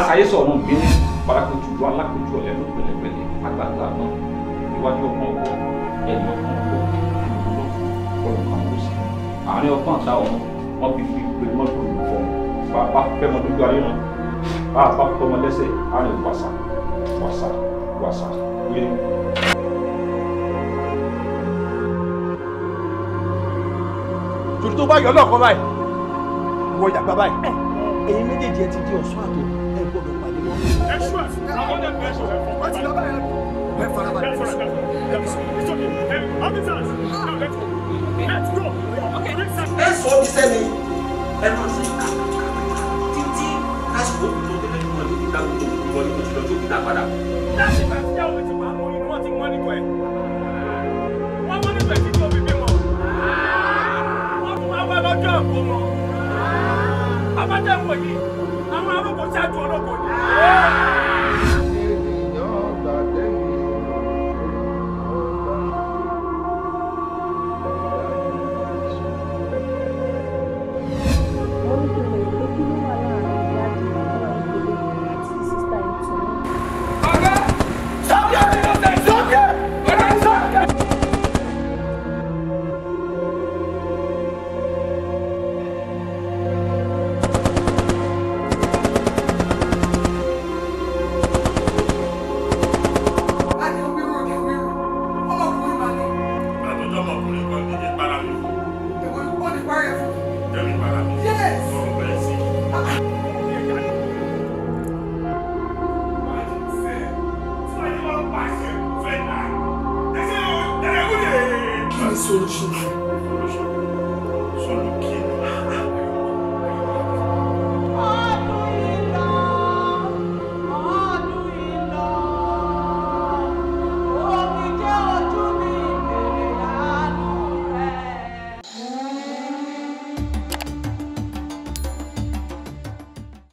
àṣàyè sọ̀rọ̀ bínú parakojú lu alákojú ọ̀lẹ́ ló pẹ̀lẹ́pẹ̀lẹ́ agbára náà iwájú ọkàn ọkọ ẹ̀yìn ọkàn ọkọ ìdúró ọ̀rọ̀ kan kò sí. àárín ọkàn ta ọ̀run wọn fi fi pé mọ́tò olùkọ́ bàbá fẹ́ mọ dúdú ayé náà bàbá fẹ́ mọ lẹ́sẹ̀ àárín wàsà wàsà wàsà wíwí. tòlítò bá yọ ọlọ́ọ̀kan báyìí wọ ìdàgbà báyìí ẹ̀yin méjèèjì ẹ ti di ọ̀ṣun àtòkù ẹ sọ ọ́ jíṣẹ́ mi ẹ máa ṣe títí àwọn arúgbó ṣáájú ọlọ́gbọ̀n absurdo. só o que?